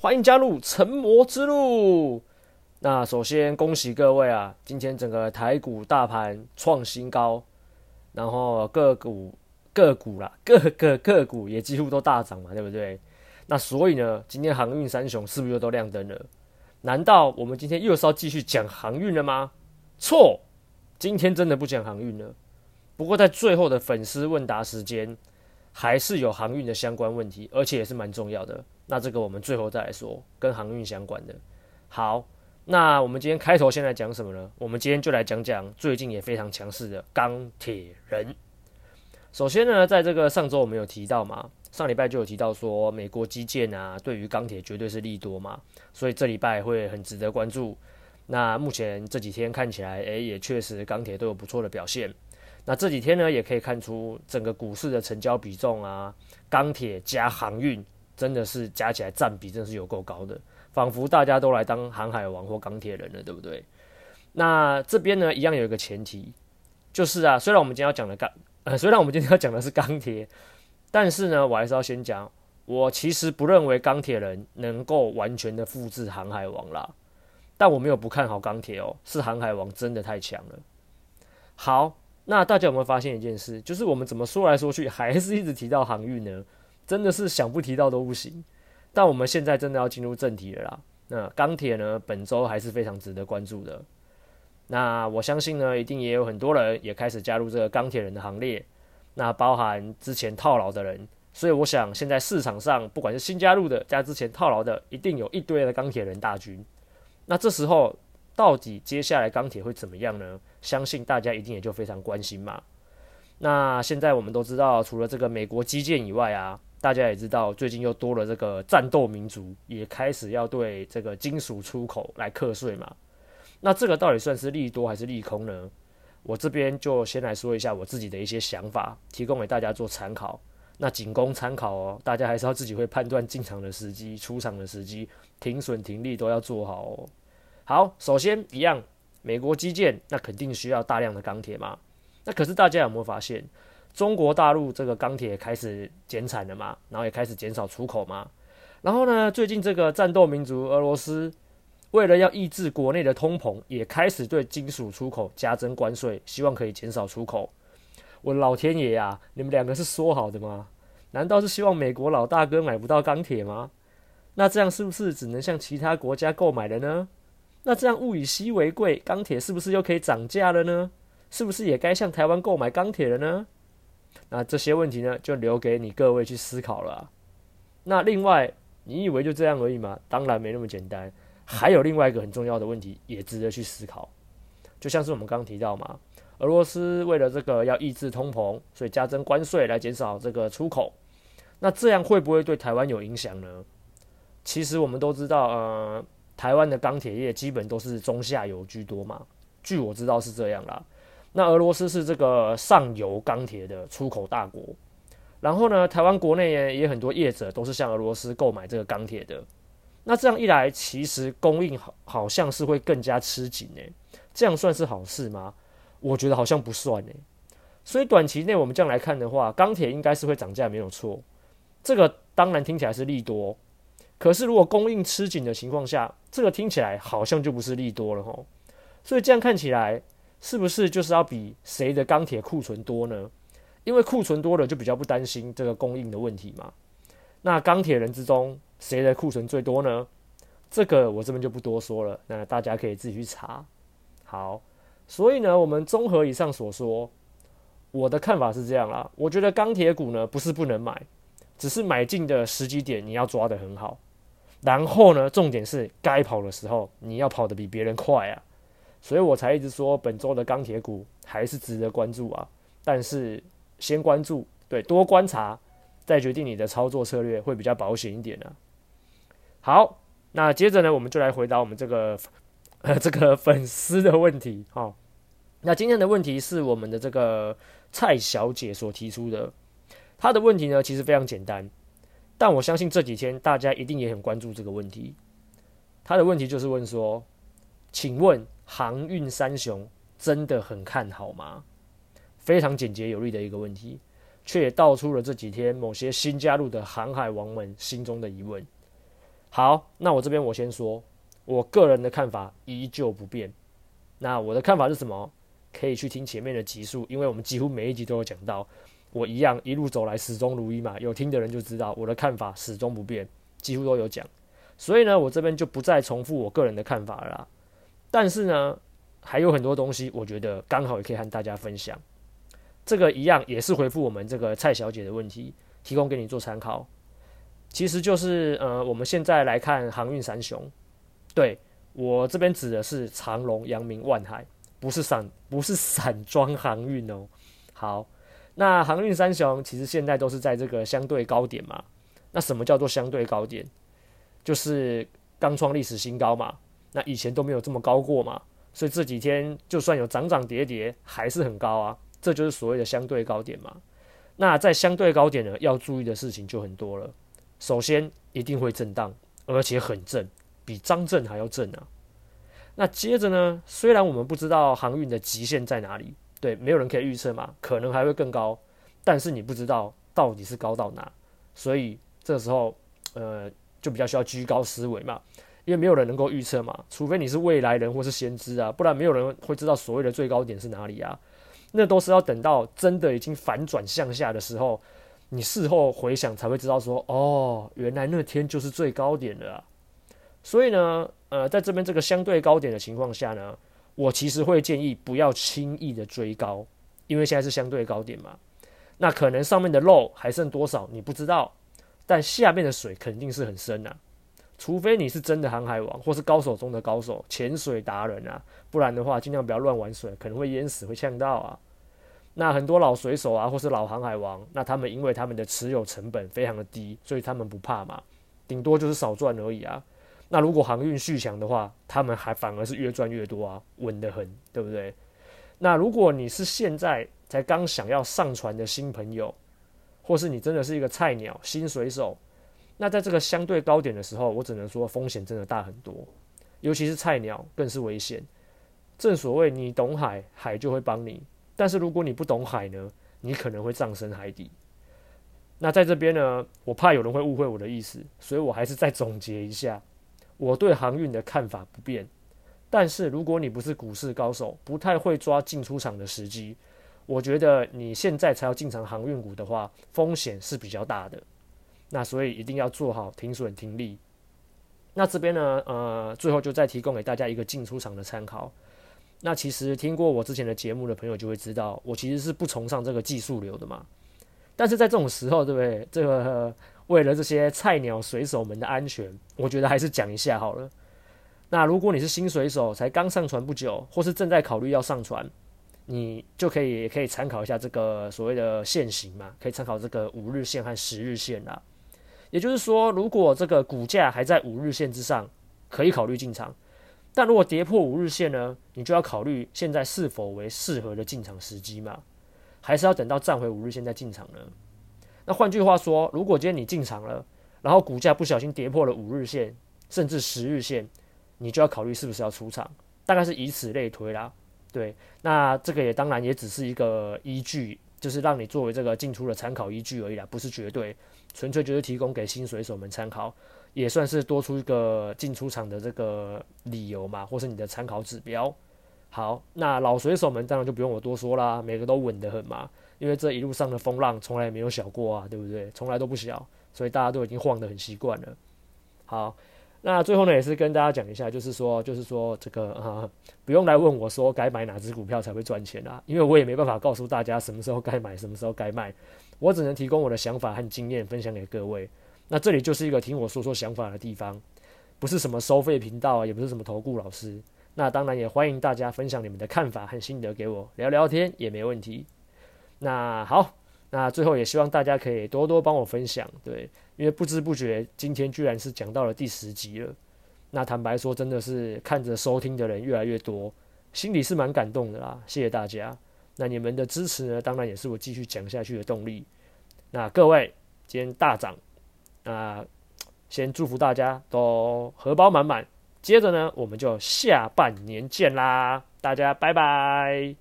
歡迎加入成魔之路。那首先恭喜各位啊，今天整個台股大盤創新高，然後個股個股啦，各個個，個個股也幾乎都大漲嘛，對不對？那所以呢，今天航運三雄是不是又都亮燈了？難道我們今天又是要繼續講航運了嗎？錯，今天真的不講航運了。不過在最後的粉絲問答時間，還是有航運的相關問題，而且也是蠻重要的。那這個我們最後再來說跟航運相關的。好，那我們今天開頭先來講什麼呢？我們今天就來講講最近也非常強勢的鋼鐵人。首先呢，在這個上周我們有提到嘛，上禮拜就有提到說美國基建啊，對於鋼鐵絕對是利多嘛，所以這禮拜會很值得關注。那目前這幾天看起來，誒，也確實鋼鐵都有不錯的表現。那這幾天呢，也可以看出整個股市的成交比重啊，鋼鐵加航運。真的是加起來佔比，真的是有夠高的，仿佛大家都來當航海王或鋼鐵人了，對不對？那這邊呢，一樣有一個前提，就是啊，雖然我們今天要講的鋼，呃，雖然我們今天要講的是鋼鐵，但是呢，我還是要先講，我其實不認為鋼鐵人能夠完全的複製航海王啦，但我沒有不看好鋼鐵哦，是航海王真的太強了。好，那大家有沒有發現一件事，就是我們怎麼說來說去，還是一直提到航運呢？真的是想不提到都不行，但我們現在真的要進入正題了啦。那鋼鐵呢，本週還是非常值得關注的。那我相信呢，一定也有很多人也開始加入這個鋼鐵人的行列，那包含之前套牢的人，所以我想現在市場上不管是新加入的，加之前套牢的，一定有一堆的鋼鐵人大軍。那這時候到底接下來鋼鐵會怎麼樣呢？相信大家一定也就非常關心嘛。那現在我們都知道，除了這個美國基建以外啊。大家也知道，最近又多了這個戰鬥民族，也開始要對這個金屬出口來課稅嘛。那這個到底算是利多還是利空呢？我這邊就先來說一下我自己的一些想法，提供給大家做參考。那僅供參考哦，大家還是要自己會判斷進場的時機、出場的時機、停損停利都要做好哦。好，首先一樣，美國基建那肯定需要大量的鋼鐵嘛。那可是大家有沒有發現？中國大陸這個鋼鐵開始減產了嘛，然後也開始減少出口嘛。然後呢，最近這個戰鬥民族俄羅斯，為了要抑制國內的通膨，也開始對金屬出口加徵關稅，希望可以減少出口。我老天爺啊！你們兩個是說好的嗎？難道是希望美國老大哥買不到鋼鐵嗎？那這樣是不是只能向其他國家購買了呢？那這樣物以稀為貴，鋼鐵是不是又可以漲價了呢？是不是也該向台灣購買鋼鐵了呢？那這些問題呢，就留給你各位去思考了啊。那另外，你以為就這樣而已嗎？當然沒那麼簡單，還有另外一個很重要的問題也值得去思考。就像是我們剛剛提到嘛，俄羅斯為了這個要抑制通膨，所以加徵關稅來減少這個出口。那這樣會不會對台灣有影響呢？其實我們都知道，呃，台灣的鋼鐵業基本都是中下游居多嘛，據我知道是這樣啦。那俄羅斯是這個上游鋼鐵的出口大國，然後呢，台灣國內也很多業者都是向俄羅斯購買這個鋼鐵的。那這樣一來，其實供應好好像是會更加吃緊欸，這樣算是好事嗎？我覺得好像不算欸。所以短期內我們這樣來看的話，鋼鐵應該是會漲價沒有錯。這個當然聽起來是利多，可是如果供應吃緊的情況下，這個聽起來好像就不是利多了哦。所以這樣看起來。是不是就是要比誰的鋼鐵庫存多呢？因為庫存多了就比較不擔心這個供應的問題嘛。那鋼鐵人之中誰的庫存最多呢？這個我這邊就不多說了，那大家可以自己去查。好，所以呢，我們綜合以上所說，我的看法是這樣啦。我覺得鋼鐵股呢不是不能買，只是買進的時機點你要抓得很好。然後呢，重點是該跑的時候你要跑得比別人快啊。所以我才一直說，本週的鋼鐵股還是值得關注啊。但是先關注，對，多觀察，再決定你的操作策略會比較保險一點呢。好，那接着呢，我們就來回答我們這個呃這個粉絲的問題哈。那今天的問題是我們的這個蔡小姐所提出的。她的問題呢，其實非常簡單，但我相信這幾天大家一定也很關注這個問題。她的問題就是問說，請問。航運三雄真的很看好嗎？非常簡潔有力的一個問題，卻也道出了這幾天某些新加入的航海王們心中的疑問。好，那我這邊我先說，我個人的看法依舊不變。那我的看法是什麼？可以去聽前面的集數，因為我們幾乎每一集都有講到。我一樣一路走來始終如一嘛，有聽的人就知道我的看法始終不變，幾乎都有講。所以呢，我這邊就不再重複我個人的看法了啦。但是呢，還有很多東西，我覺得剛好也可以和大家分享。這個一樣也是回復我們這個蔡小姐的問題，提供給你做參考。其實就是呃，我們現在來看航運三雄，對，我這邊指的是長榮、陽明、萬海，不是散，不是散裝航運哦。好，那航運三雄其實現在都是在這個相對高點嘛。那什麼叫做相對高點？就是剛創歷史新高嘛。那以前都沒有這麼高過嘛，所以這幾天就算有漲漲跌跌，還是很高啊，這就是所謂的相對高點嘛。那在相對高點呢，要注意的事情就很多了。首先一定會震盪，而且很震，比張震還要震啊。那接着呢，雖然我們不知道航運的極限在哪裡，對，沒有人可以預測嘛，可能還會更高，但是你不知道到底是高到哪，所以這時候呃，就比較需要居高思維嘛。因為沒有人能夠預測嘛，除非你是未來人或是先知啊，不然沒有人會知道所謂的最高點是哪裡啊。那都是要等到真的已經反轉向下的時候，你事後回想才會知道說，哦，原來那天就是最高點了啊。所以呢，呃，在這邊這個相對高點的情況下呢，我其實會建議不要輕易的追高，因為現在是相對高點嘛。那可能上面的肉還剩多少你不知道，但下面的水肯定是很深啊。除非你是真的航海王，或是高手中的高手、潛水達人啊，不然的話，儘量不要亂玩水，可能會淹死、會嗆到啊。那很多老水手啊，或是老航海王，那他們因為他們的持有成本非常的低，所以他們不怕嘛，頂多就是少賺而已啊。那如果航運續強的話，他們還反而是越賺越多啊，穩得很，對不對？那如果你是現在才剛想要上船的新朋友，或是你真的是一個菜鳥、新水手。那在這個相對高點的時候，我只能說風險真的大很多，尤其是菜鳥更是危險。正所謂你懂海，海就會幫你；但是如果你不懂海呢，你可能會葬身海底。那在這邊呢，我怕有人會誤會我的意思，所以我還是再總結一下我對航運的看法不變。但是如果你不是股市高手，不太會抓進出場的時機，我覺得你現在才要進場航運股的話，風險是比較大的。那所以一定要做好停損停利。那這邊呢，呃，最後就再提供給大家一個進出場的參考。那其實聽過我之前的節目的朋友就會知道，我其實是不崇尚這個技術流的嘛。但是在這種時候，對不對？這個為了這些菜鳥水手們的安全，我覺得還是講一下好了。那如果你是新水手，才剛上船不久，或是正在考慮要上船，你就可以也可以參考一下這個所謂的線型嘛，可以參考這個五日線和十日線啦。也就是說，如果這個股價還在五日線之上，可以考慮進場；但如果跌破五日線呢，你就要考慮現在是否為適合的進場時機嘛？還是要等到站回五日線再進場呢？那換句話說，如果今天你進場了，然後股價不小心跌破了五日線，甚至十日線，你就要考慮是不是要出場，大概是以此類推啦。對，那這個也當然也只是一個依據。就是讓你作為這個進出的參考依據而已啦，不是絕對，純粹就是提供給新水手們參考，也算是多出一個進出場的這個理由嘛，或是你的參考指標。好，那老水手們當然就不用我多說啦，每個都穩得很嘛，因為這一路上的風浪從來沒有小過啊，對不對？從來都不小，所以大家都已經晃得很習慣了。好。那最後呢，也是跟大家講一下，就是說，就是說，這個啊，不用來問我說該買哪隻股票才會賺錢啊，因為我也沒辦法告訴大家什麼時候該買，什麼時候該賣，我只能提供我的想法和經驗分享給各位。那這裡就是一個聽我說說想法的地方，不是什麼收費頻道啊，也不是什麼投顧老師。那當然也歡迎大家分享你們的看法和心得給我，聊聊天也沒問題。那好，那最後也希望大家可以多多幫我分享，對。因為不知不覺，今天居然是講到了第十集了。那坦白說，真的是看着收聽的人越來越多，心裡是蠻感動的啦。謝謝大家，那你們的支持呢，當然也是我繼續講下去的動力。那各位，今天大漲，那，呃，先祝福大家都荷包滿滿。接着呢，我們就下半年見啦，大家拜拜。